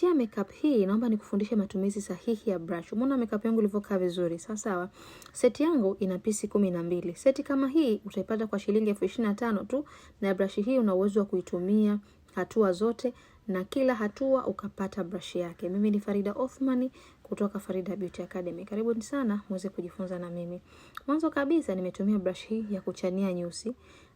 Kupitia makeup hii naomba nikufundishe matumizi sahihi ya brush. Umeona makeup yangu ilivyokaa vizuri. sawa sawa. Seti yangu ina pisi 12. Seti kama hii utaipata kwa shilingi elfu ishirini na tano tu na brush hii una uwezo wa kuitumia hatua zote na kila hatua ukapata brush yake. Mimi ni Farida Othman kutoka Farida Beauty Academy. Karibu sana muweze kujifunza na mimi. Mwanzo kabisa nimetumia brush hii ya kuchania nyusi.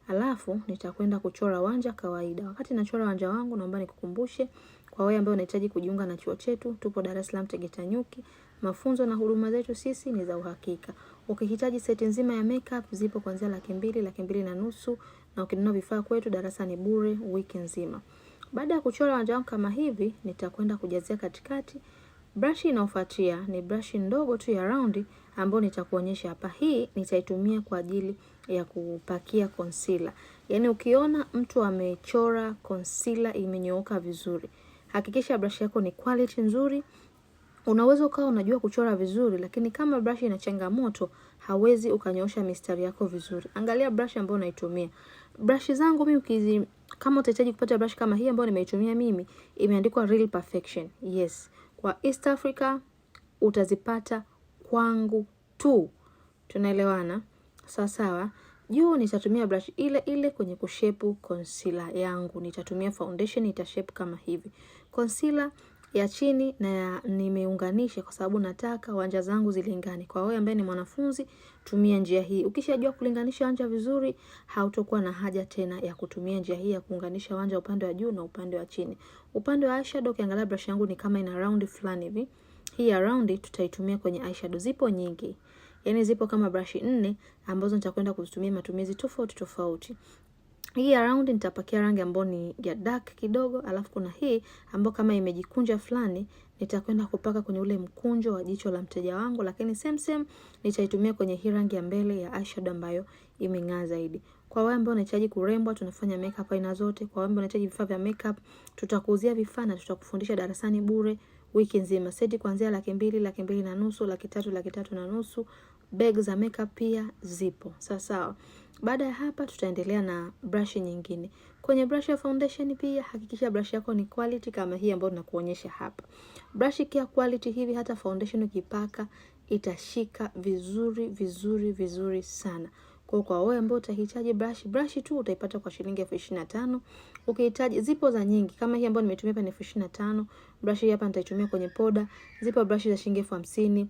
Alafu nitakwenda kuchora wanja kawaida. Wakati nachora wanja wangu, naomba nikukumbushe kwa wewe ambaye unahitaji kujiunga na chuo chetu, tupo Dar es Salaam Tegeta Nyuki. Mafunzo na huduma zetu sisi ni za uhakika. Ukihitaji seti nzima ya makeup zipo kuanzia laki mbili, laki mbili na nusu, na ukinunua vifaa kwetu darasa ni bure wiki nzima. Baada ya kuchora wanja wangu kama hivi, nitakwenda kujazia katikati Brashi inayofuatia ni brashi ndogo tu ya raundi ambayo nitakuonyesha hapa. Hii nitaitumia kwa ajili ya kupakia concealer. Yaani ukiona mtu amechora concealer imenyooka vizuri, hakikisha brashi yako ni quality nzuri. Unaweza ukawa unajua kuchora vizuri, lakini kama brush ina changamoto, hawezi ukanyoosha mistari yako vizuri. Angalia brush ambayo unaitumia. Brush zangu mimi ukizi, kama utahitaji kupata brush kama hii ambayo nimeitumia mimi, imeandikwa Real Perfection. Yes wa East Africa utazipata kwangu tu. Tunaelewana sawasawa? Juu nitatumia brush ile ile kwenye kushepu concealer yangu, nitatumia foundation itashape kama hivi concealer ya chini na nimeunganisha kwa sababu nataka wanja zangu zilingane. Kwa wewe ambaye ni mwanafunzi, tumia njia hii. Ukishajua kulinganisha wanja vizuri, hautokuwa na haja tena ya kutumia njia hii ya kuunganisha wanja upande wa juu na upande wa chini. Upande wa eyeshadow, ukiangalia brush yangu ni kama ina round fulani hivi. Hii ya round tutaitumia kwenye eyeshadow. Zipo nyingi. Yaani zipo kama brush nne ambazo nitakwenda kuzitumia matumizi tofauti tofauti. Hii ya round nitapakia rangi ambayo ni ya dark kidogo, alafu kuna hii ambayo kama imejikunja fulani nitakwenda kupaka kwenye ule mkunjo wa jicho la mteja wangu, lakini same same nitaitumia kwenye hii rangi ya mbele ya eyeshadow ambayo imeng'aa zaidi. Kwa wale ambao wanahitaji kurembwa, tunafanya makeup aina zote. Kwa wale ambao wanahitaji vifaa vya makeup, tutakuuzia vifaa na tutakufundisha darasani bure wiki nzima. Seti kuanzia laki mbili, laki mbili na nusu, laki tatu, laki tatu na nusu bag za makeup pia zipo sawa sawa. Baada ya hapa, tutaendelea na brush nyingine. Kwenye brush ya foundation pia hakikisha brush yako ni quality kama hii ambayo nakuonyesha hapa. Brush ikiwa quality hivi, hata foundation ukipaka itashika vizuri vizuri vizuri sana. Kwa kwa wewe ambao utahitaji brush, brush tu utaipata kwa shilingi elfu ishirini na tano. Ukihitaji zipo za nyingi kama hii ambayo nimetumia hapa ni elfu ishirini na tano. Brush hii hapa nitaitumia kwenye poda. Zipo brush za shilingi elfu hamsini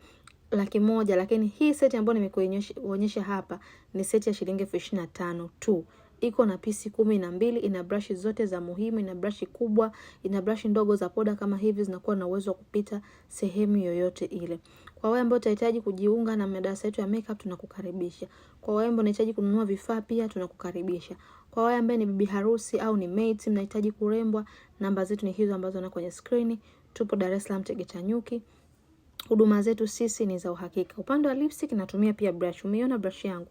laki moja, lakini hii seti ambayo nimekuonyesha hapa ni seti ya shilingi elfu ishirini na tano tu. Iko na pisi kumi na mbili, ina brashi zote za muhimu, ina brashi kubwa, ina brashi ndogo za poda kama hivi, zinakuwa na uwezo wa kupita sehemu yoyote ile. Kwa wewe ambao utahitaji kujiunga na madarasa yetu ya makeup tunakukaribisha. Kwa wewe ambao unahitaji kununua vifaa pia tunakukaribisha. Kwa wewe ambaye ni bibi harusi au ni mate mnahitaji kurembwa, namba zetu ni hizo ambazo na kwenye screen. Tupo Dar es Salaam Tegeta Nyuki huduma zetu sisi ni za uhakika. Upande wa lipstick natumia pia brush. Umeiona brush yangu?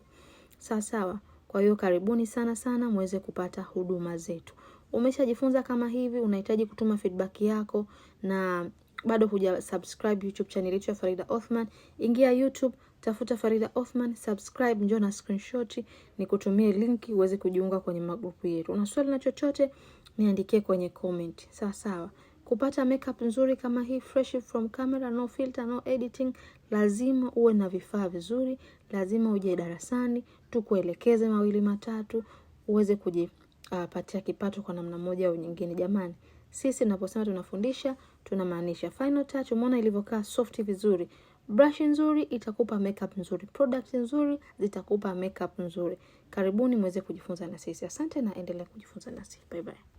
Sawa sawa. Kwa hiyo karibuni sana sana muweze kupata huduma zetu. Umeshajifunza kama hivi, unahitaji kutuma feedback yako na bado huja subscribe YouTube channel yetu ya Farida Othman, ingia YouTube, tafuta Farida Othman, subscribe, njoo na screenshot kutumie linki uweze kujiunga kwenye magrupu yetu. Una swali na chochote niandikie kwenye comment. Sawa sawa. Kupata makeup nzuri kama hii fresh from camera, no filter, no editing, lazima uwe na vifaa vizuri, lazima uje darasani tukuelekeze mawili matatu uweze kujipatia uh, kipato kwa namna moja au nyingine. Jamani, sisi tunaposema tunafundisha tunamaanisha. Final touch, umeona ilivyokaa soft vizuri. Brush nzuri itakupa makeup nzuri, product nzuri zitakupa makeup nzuri. Karibuni muweze kujifunza na sisi. Asante na endelea kujifunza nasi. Bye bye.